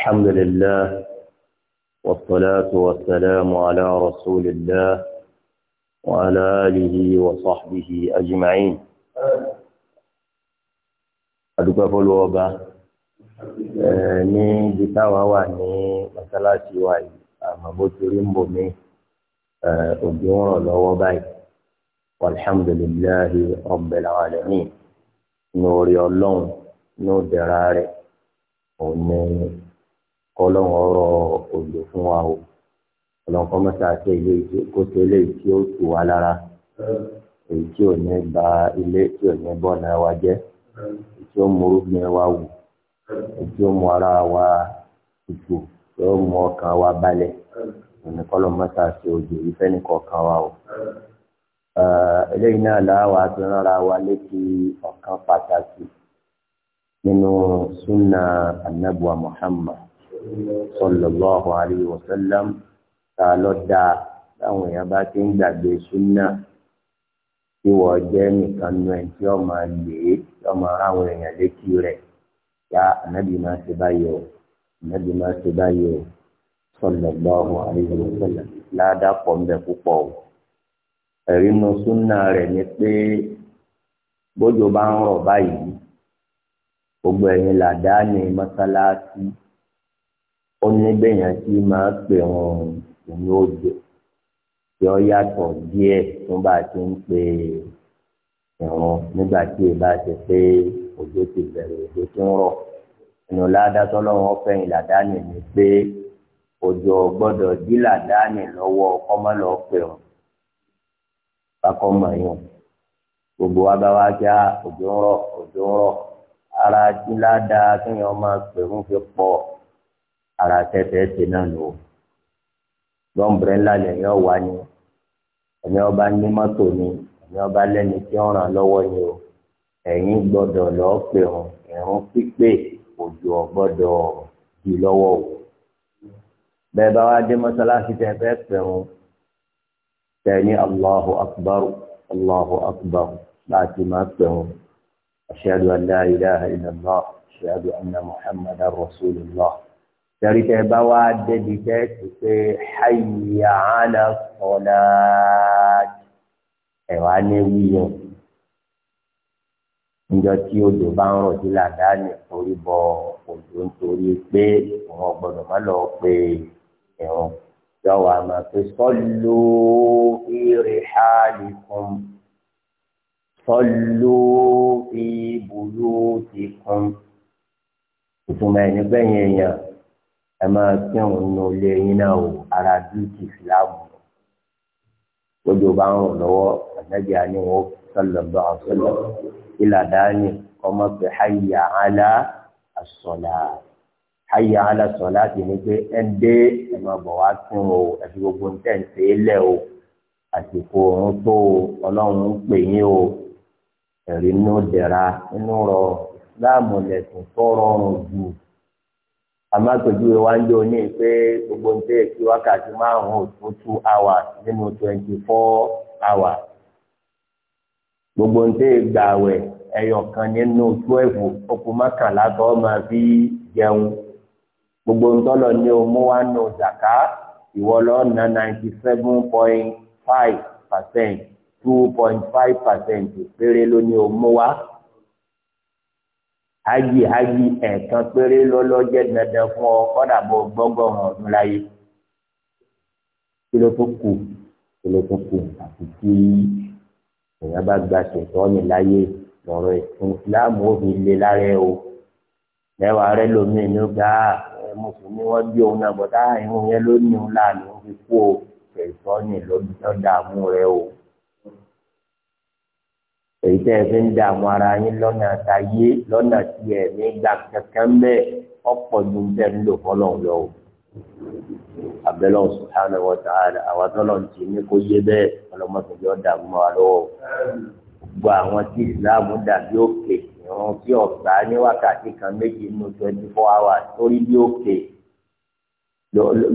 الحمد لله والصلاة والسلام على رسول الله وعلى آله وصحبه أجمعين adúpẹ́ fọlọ́ ọba ní ibi táwa wà ní mọ́sálásí wa yìí àmọ́ bó ti rí ń bò mí òbí ń ràn lọ́wọ́ báyìí alhamdulillahi rabbil alamin ní orí ọlọ́run ní òdẹ̀ra rẹ̀ òun ní kọ́lọ́n ọ̀rọ̀ òjò fún wa o ọlọ́n kọ́ mọ́ta ṣe kó ṣe eléyìí tí ó tù wá lára èyí tí ò ní ilé tí ò ní wa jẹ́ èyí tí ó mú wa wù èyí ara wa tutù tí ó mú ọkàn wa balẹ̀ mọ́ta òjò kọ̀ọ̀kan wa o. eléyìí náà sallallahu alayhi wa sallam ta lọ da táwọn èèyàn bá ti ń gbàgbé súnà tí wọ́n jẹ́ nìkan nu ẹ̀ tí ọmọ lè é tí ọmọ àwọn èèyàn létí rẹ̀ ya ànábì máa ṣe báyìí o ànábì máa ṣe báyìí o sallallahu alayhi wa sallam ládàá pọ̀ ń bẹ púpọ̀ o ẹ̀rí nu súnà rẹ̀ ni pé bójú bá ń rọ̀ báyìí gbogbo ẹ̀yin làdá ní mọ́sálásí ó ní bẹ́yàn tí máa pè wọn òun ó jẹ tí ó yàtọ̀ díẹ̀ tó bá ti ń pè ẹ̀wọ̀n nígbà tí ì bá ti pé òjò ti bẹ̀rẹ̀ òjò ti ń rọ̀ ẹnu ládàtọ́ lọ́wọ́ fẹ̀yìn làdáni ni pé òjò gbọ́dọ̀ dí làdáni lọ́wọ́ kọ́mọ́lọ́ pè wọn bákọ́ mọ̀ gbogbo wa bá wá já òjò ń rọ̀ òjò ń rọ̀ ara tí ládàá kéèyàn máa pè ń fi pọ̀ ara tẹ́tẹ́ ṣe náà nù o lọ́mbrẹ́là lẹ́yìn ọ̀wá ni ẹni ọba ní mọ́tò ni ẹni ọba lẹ́ni tí ó ràn lọ́wọ́ ni o ẹ̀yin gbọ́dọ̀ lọ́ọ́ pè wọn ẹ̀rún pípé òjò ọ̀gbọ́dọ̀ di lọ́wọ́ o bẹ́ẹ̀ bá wá dé mọ́sálásí tẹ́ fẹ́ pè wọn tẹ̀ni Allahu akbar Allahu akbar láti máa pè wọn ashhadu an la ilaha illallah ashhadu anna torí tẹ bá wá débi tẹ ti pé hayya ala salat ẹ wá ní wíyọ níjọ tí odò bá ń rọ̀ sí làdáni torí bọ odò nítorí pé wọn gbọ́dọ̀ má lọ pé ẹ̀rọ yọwọ́ àmọ́ pé sọ́lù ìrì hàlìkùn sọ́lù ìbùlù tìkùn ìtumọ̀ ẹ̀ nígbẹ̀yìn èèyàn ẹ máa kírun nínú ilé yín náà o ara dúkì fìlàmù gbogbo bá ń rùn lọ́wọ́ ànábì àníwọ̀ sọlọ̀bọ̀ àṣọlọ̀ ìlàdáni ọmọ pé hayya ala as-sala hayya ala as-sala ti ní pé ẹ dé ẹ máa bọ̀ wá kírun o ẹ gbogbo nǹkan ṣe é lẹ̀ o àsìkò òun tó ọlọ́run ń pè yín o ẹ̀rí inú dẹ̀ra inú rọrùn islam lẹ̀sìn tó rọrùn jù àmọ́ àpèjúwe wa ń lò ní pé gbogbo nǹkan èkì wákàtí márùn-ún òtún two hours nínú twenty four hours gbogbo nǹkan ìgbà wẹ̀ ẹyọkan nínú twelve okùn mọ́kànlá tó máa fi jẹun gbogbo ntọ́lọ̀ ní omo wa nù zaka ìwọ na ninety seven point five percent two point five percent péré ló ní omo wa hajj hajj ẹ̀ẹ̀kan péré lọ́lọ́ jẹ́ dandan fún ọ kọ́dà bọ́ gbọ́gbọ́n ọdún láyé kí ló tó kù kí ló tó kù àti kí èèyàn bá gba ṣètọ́ ní láyé lọ́rọ̀ ìsìn ìsìláàmù ó fi lé lára ẹ o mẹ́wàá rẹ lómi ní ó gbà á mùsùlùmí wọ́n bí òun náà bọ́tá ìhun yẹn ló ní òun láàánú fi kú o ṣètọ́ ní lọ́dààmú rẹ o. èyí tẹ́ ẹ fi ń da àwọn ara yín lọ́nà àtàyé lọ́nà tí ẹ̀ ní gbà kankan bẹ́ẹ̀ ọ̀pọ̀ ju bẹ́ẹ̀ ń lò fọlọ́n lọ o. abẹ́lẹ́ subhanahu wa àwọn tọ́lọ̀ ń ti ní kó yé bẹ́ẹ̀ ọlọ́mọbìnrin ọ̀dà mọ́ wa lọ́wọ́. gbogbo àwọn tí ìsìláàmù dàbí òkè ìrún ní wákàtí kan méjì nínú twenty four hours torí bí òkè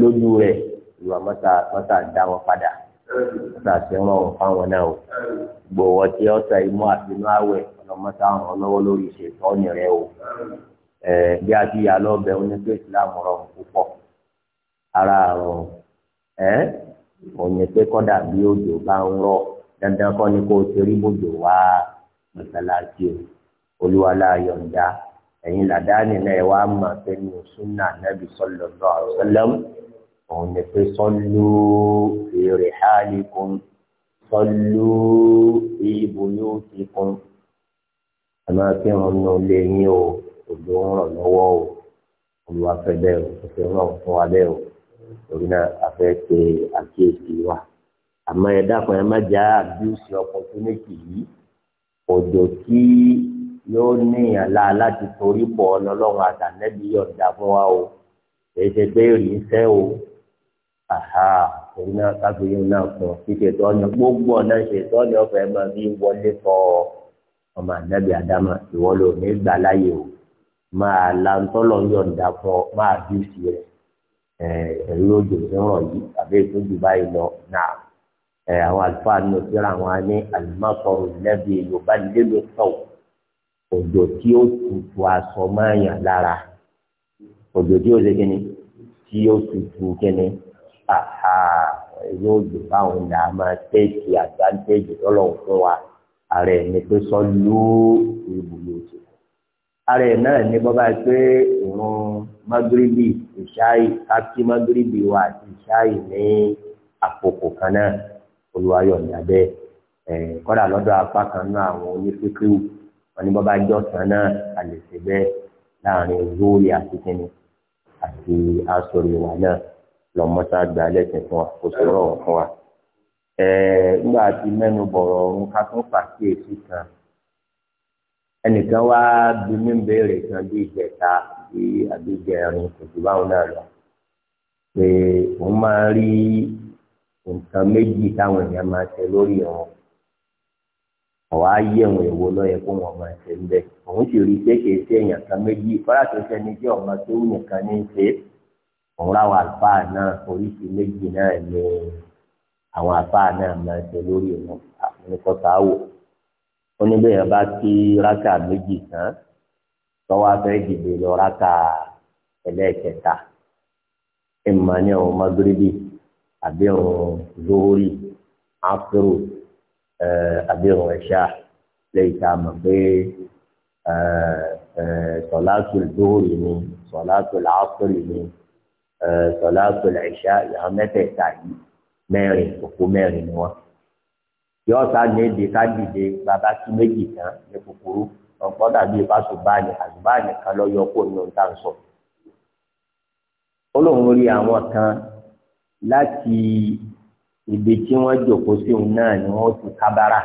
lójú rẹ̀ ìwà mọ́ta dá wọn padà. sàṣẹwọn fáwọn náà o gbowó tí ó ta imú àtinú àwẹ ọlọmọta àwọn lọ́wọ́ lórí ìṣètò ọyìn rẹ o bí a ti yà lọbẹ onígbé ìsìlámù rọrùn púpọ̀ ara rọrùn ẹ òyìn pé kódà bí òjò bá ń rọ̀ dandan kọ́ ni kó o ti rí bòjò wá mọ́sálásí o olúwalá yọ̀ǹda ẹ̀yin làdáni náà ẹ wá mọ̀ pé ní sunna nabi sallallahu alaihi wasallam òun ni pé sọ́lú èrè hálìkún sọ́lú ibuyutikum ẹ máa fi hàn nù lẹ́yìn o òjò ń ràn lọ́wọ́ o olùwàfẹ́ bẹ́ẹ̀ o kò fẹ́ ràn fún wa bẹ́ẹ̀ o torí náà a fẹ́ pe àkíyèsí wa àmọ́ ẹ dákun ẹ má já abuse opportunity yìí òjò tí yóò níyàn la láti torí pọ̀ ọ́ lọ́lọ́run àtàlẹ́bí yọ̀ǹda fún wa o èyí ṣe pé rí iṣẹ́ o àhà èyí náà káfíńyé náà fún ọ títí ètò ọ̀nà gbogbo ọ̀nà ṣètò ọ̀nà ọ̀fẹ́ máa fi wọlé tọ ọmọ ànábì àdámà ìwọ ló ní gbà láyè o máa la ń tọ́lọ̀ yọ̀ǹda fún ọ máa bí sí rẹ ẹ̀rí ojú ìrọ̀ yìí àbí ìtújú báyìí lọ náà ẹ̀ àwọn àlùfáà nù síra wọn ní àlùmọ́kọ̀rọ̀ lẹ́bi yorùbá lélo tọ̀wọ̀ òjò tí ó tutù aṣọ máa yàn lára òjò tí ó ṣe kíni tí ó Aha, yóò gbé báwọn ní a máa tẹ́ẹ̀kì advantage tọ́lọ́hún fún wa ara ẹ̀ ní pé sọ ló ibùdó ti ara ẹ̀ náà ní bọ́bá pé ìrun magrebi ìṣáì kápí magrebi wa àti ìṣáì ní àkókò kan náà olùwàyọ̀ǹda bẹ́ẹ̀ ẹ̀ kọ́dà lọ́dọ̀ apá kan náà àwọn onífíkíw wọn ní bọ́bá jọ̀sán náà a bẹ́ẹ̀ láàrin zoli àti kínní àti asọ̀rọ̀ ìwà náà lọ́mọ́sá gba lẹ́sìn fún wa kò sọ̀rọ̀ ọ̀hún fún wa. nígbà tí mẹ́nu bọ̀rọ̀ ọ̀hún ká tún pàkíyèsí kan ẹnìkan wá bí mí béèrè kan bí ìjẹta bí àbíjẹrin kò sí báwọn náà lọ pé òun máa rí nǹkan méjì táwọn èèyàn máa ṣe lórí wọn ọ̀wá yẹ̀wò èwo lọ́yẹ kó wọn máa ṣe ń bẹ̀ òun sì rí pé èèyàn kan méjì fọ́lá tó ṣẹni tí ọ̀ma tó wù nìkan ní í ṣe òun láwọn àlùfáà náà oríṣi méjì náà ni àwọn àlùfáà náà máa ṣe lórí ìwọn àfẹnukọta wò ó ní bẹ́ẹ̀ bá kí rákà méjì tán tọ́wọ́ afẹ́ dìde lọ rákà ẹlẹ́ẹ̀kẹta ìmọ̀ ní ọ̀hún magrebi àbí ọ̀hún zohori afro àbí ọ̀hún ẹ̀ṣá lẹ́yìn tá a mọ̀ pé sọ̀látù zohori ni sọ̀látù làásùrì ni sọláàtò làìṣá ìyàwó mẹ́tẹ̀ẹ̀ta yìí mẹ́rin òkú mẹ́rin ni wọ́n. yọ ọ̀sà níbi ká dìde bàbá kí méjì tán ní kúkúrú ọ̀pọ̀ dàbí fásùbáàní àṣùbáàní kan lọ yọ kó ní ọ̀tá ń sọ. ó lóun rí àwọn kan láti ibi tí wọ́n jòkó sí òun náà ni wọ́n ti kábàrà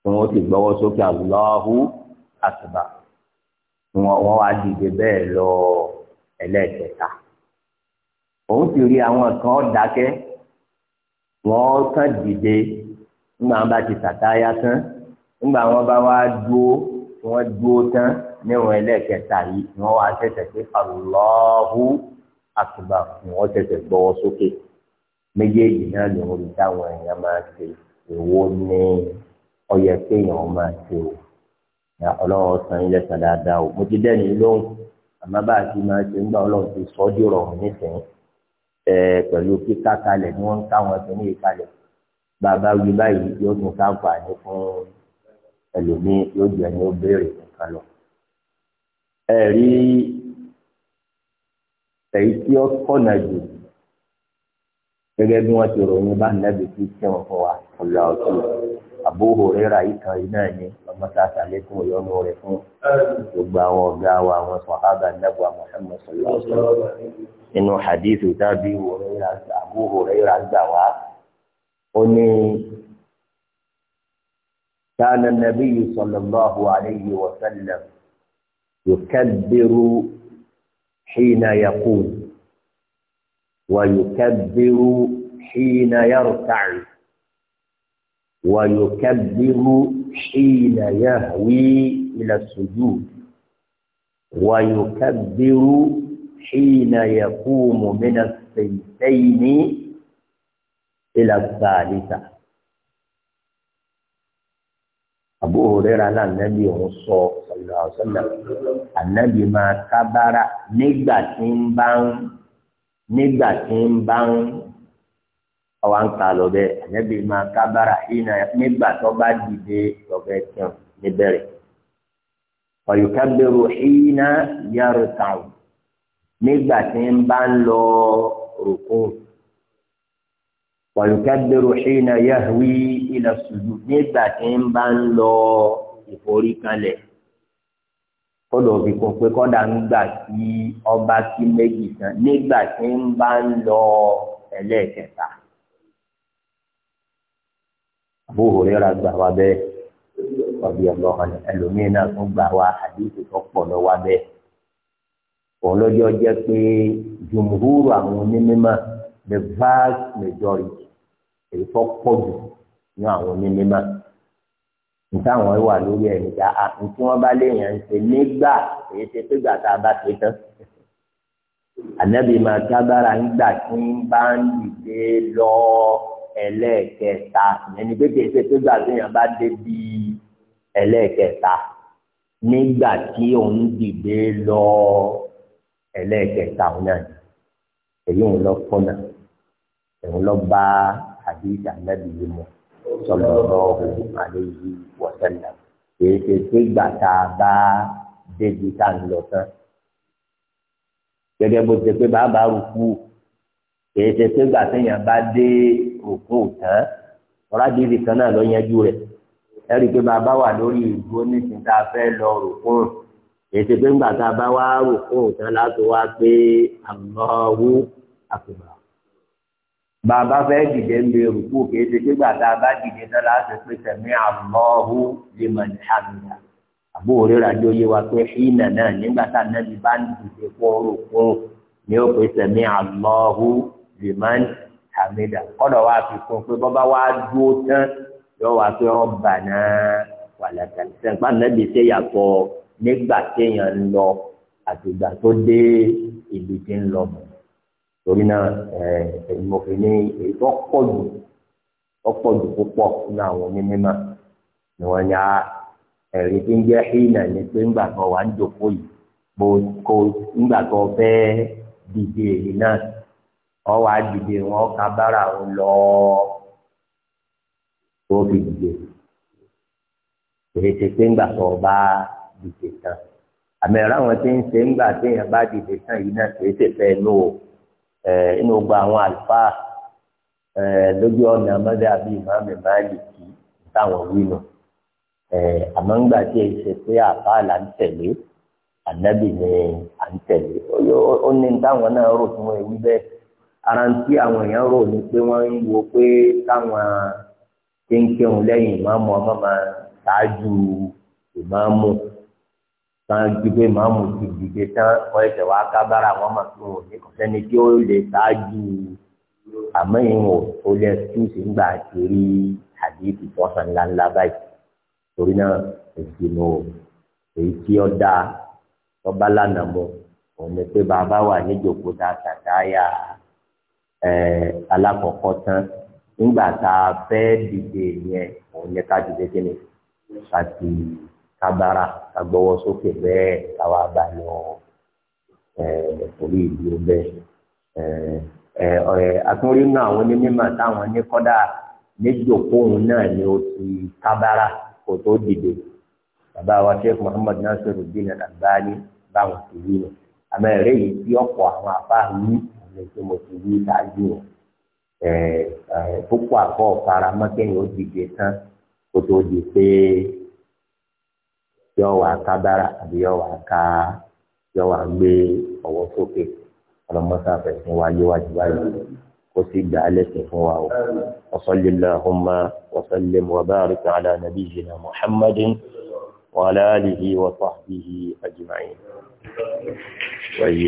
tí wọ́n ti gbọ́wọ́ sókè Allahu akbar wọn wá dìde bẹ́ẹ̀ lọ́ọ́ ẹlẹ́ẹ̀kẹta òun sì rí àwọn kan dákẹ́ wọ́n kàn dìde nígbà wọn bá ti sàtáyà tán nígbà wọn bá wá dúó wọn dúó tán níwọn ẹlẹ́ẹ̀kẹta yìí wọ́n wá ṣẹ̀ṣẹ̀ pé Allahu Akbar wọ́n ṣẹ̀ṣẹ̀ gbọ́wọ́ sókè méjèèjì náà lòun rí táwọn èèyàn máa ṣe èwo ni ọyẹ kéèyàn máa ṣe o ọlọ́run ọ̀sán ilẹ̀ sàn o mo ti dẹ́ni lóhùn àmọ́ bá a ti máa ṣe ń gbà ọlọ́run ti sọ ọ́ di rọrùn nísìnyí pẹ̀lú kíkà kalẹ̀ ni wọ́n ń ká wọn sínú ìkalẹ̀ bàbá wí báyìí yóò tún sáǹfààní fún ẹlòmíín yóò jẹ́ ní ó béèrè nǹkan lọ. ẹ̀rí èyí tí ó kọ̀nà jù gẹ́gẹ́ bí wọ́n ti ròyìn bá nàbì tí kí wọ́n fún wa ọ̀la ọ̀tún. Abu Hurairah ìtàn iná ni ọmọsáàsá lẹ́kùn ìyọnu rẹ̀ fún gbogbo àwọn ọ̀gá wa àwọn sọ̀hábà nàbà Muhammad sallallahu alaihi wasallam nínú hadithu tábí Abu Hurairah gbà wá ó ní kana nabiyyu sallallahu alaihi wasallam yukabbiru hina yaqum wa yukabbiru hina yarta'i. ويكبر حين يهوي إلى السجود ويكبر حين يقوم من السجدين إلى الثالثة Abu Hurairah náà nàbí òun sọ sallallahu alaihi wasallam ànábì máa kábára nígbà tí ń bá ń nígbà tí ń bá ń àwa ń kà lọ bẹ́ẹ̀ ànábì máa kábàrà ìnà nígbà tó bá dìde lọ́fẹ́ tiẹ̀n níbẹ̀rẹ̀ ọ̀yùkábẹ̀rù ìnà yàrá tàwọn nígbà tí ń bá ń lọ rùkú ọ̀yùkábẹ̀rù ìnà yahwi ila sujud nígbà tí ń bá ń lọ ìforíkalẹ̀ kódà òfin kò pé kódà ń gbà tí ọba kí méjì tán nígbà tí ń bá ń lọ ẹlẹ́ẹ̀kẹta àbúrò rẹ̀ ra gbà wá bẹ́ẹ̀ ọ̀bí ọlọ́run ẹlòmíín náà tún gbà wá àdéhùn tó pọ̀ lọ wá bẹ́ẹ̀ òun lọ́jọ́ jẹ́ pé jùmùhúrù àwọn onímọ̀ the vast majority èyí tó pọ̀ jù ní àwọn onímọ̀ nítawọn wà lórí ẹ̀ níta àtúntí wọn bá léèyàn ń ṣe nígbà èyí ṣe pé gbàtà bá ṣe tán ànábì máa kábàárà ń gbà tí ń bá ń dìde lọ́ọ́ ẹlẹ́ẹ̀kẹta ẹni pé kìí ṣe pé gbàgbé yẹn bá dé bí ẹlẹ́ẹ̀kẹta nígbà tí òun dìde lọ ẹlẹ́ẹ̀kẹta òun náà èyí òun lọ fọ́nà òun lọ bá àdìsí ànábì yìí mọ̀ sallallahu alayhi wa sallam kìí ṣe pé gbàtà bá débi tá à ń lọ tán gẹ́gẹ́ bó ṣe pé bàbá rúkú kìí ṣe pé gbàtà yẹn bá dé rògbò tán ọ̀rádìí ibì kan náà lọ yanjú rẹ̀ ẹ̀rí pé bàbá wà lórí ìgbó nísìnyí tá a fẹ́ lọ rògbò èsì pé ńgbà tá a bá wá rògbò tán láti wá pé àlọ́wọ́ àkùbà bàbá fẹ́ dìde ń bẹ rògbò kì í ṣe pé gbà tá a bá dìde tán láti pé sẹ̀mí àlọ́wọ́ lè mọ̀ ní àmìlà àbó òrera jọ yé wa pé ìnà náà nígbà tá a náà ti bá ń dìde fún rògbò ni ó pè sẹ̀mí àlọ́wọ́ lè mọ̀ ní hamida kọ́dọ̀ wá fi kún pé bọ́bá wá dúró tán yọ wá pé ọba náà wà lẹ́kàn sẹ́ńpá nàbí ṣe yàtọ̀ nígbà téèyàn ń lọ àtìgbà tó dé ibi tí ń lọ mọ̀ torí náà ẹ̀ eh, mo fi ní èyí tó pọ̀ jù tó pọ̀ jù púpọ̀ nínú àwọn onímọ̀ ni wọ́n ní ah, ẹ̀rí tí ń jẹ́ hínà ni pé ńgbà tó wà ń jòkó yìí bó kó ńgbà tó fẹ́ dìde èyí náà ọwọ́ àdìde wọn kábàárà ń lọ tó fi dìde ètè pé ńgbà tó o bá dìde tán àmì ẹ̀rọ àwọn tí ń ṣe ńgbà téèyàn bá dìde tán yìí náà kìí ṣe fẹ́ inú o inú gba àwọn àlùfáà lójú ọ̀nà amọ́dé àbí ìmáàmì máàlì kì í táwọn wí nù àmọ́ ńgbà tí èyí ṣe pé àfáà là ń tẹ̀lé ànábì ni à ń tẹ̀lé ó ní táwọn náà rò fún ewì bẹ́ẹ̀ ara ń tí àwọn èèyàn rò ní pé wọ́n ń wo pé táwọn ṣe ń kírun lẹ́yìn ìmáàmù ọmọ máa ṣáájú ìmáàmù sáájú pé ìmáàmù ti dìde tán wọ́n ẹsẹ̀ wá kábàárà wọ́n máa fi wọn ní kọ́sẹ́ni tí ó lè ṣáájú àmọ́ ìwọ̀n ò lè túùsì ń gbà ti rí àdéhùn ńláńlá báyìí torí náà ìsìnú èyí tí ó dáa ọba lánàá mọ òun ni pé bàbá wà níjòkó tá a tàtà alákọ̀ọ́kọ́ tán nígbà tá a fẹ́ dìde yẹn òun ni ká dìde kí ni ká ti kábàárà ká gbọ́wọ́ sókè bẹ́ẹ̀ káwá bá lọ orí ìlú bẹ́ẹ̀. àtúnrí náà àwọn táwọn ní kọ́dà níjókòóhùn náà ni ti kábàárà kó tó dìde bàbá wa sheikh báwọn ti rí ni pé mo ti wí ṣáájú yẹn púpọ̀ àkọ́ ọ̀fara mọ́kẹ́yìn ó dìde tán kó tó di pé yọ wà kábára àbí yọ wà ká yọ wà gbé ọwọ́ sókè ọlọmọta fẹsẹ̀ wáyé wájú wáyé kó sì gbà á lẹ́sìn fún wa o wasalli allahumma wasallim wa barik ala nabiyyina muhammadin wa ala alihi wa sahbihi ajma'in.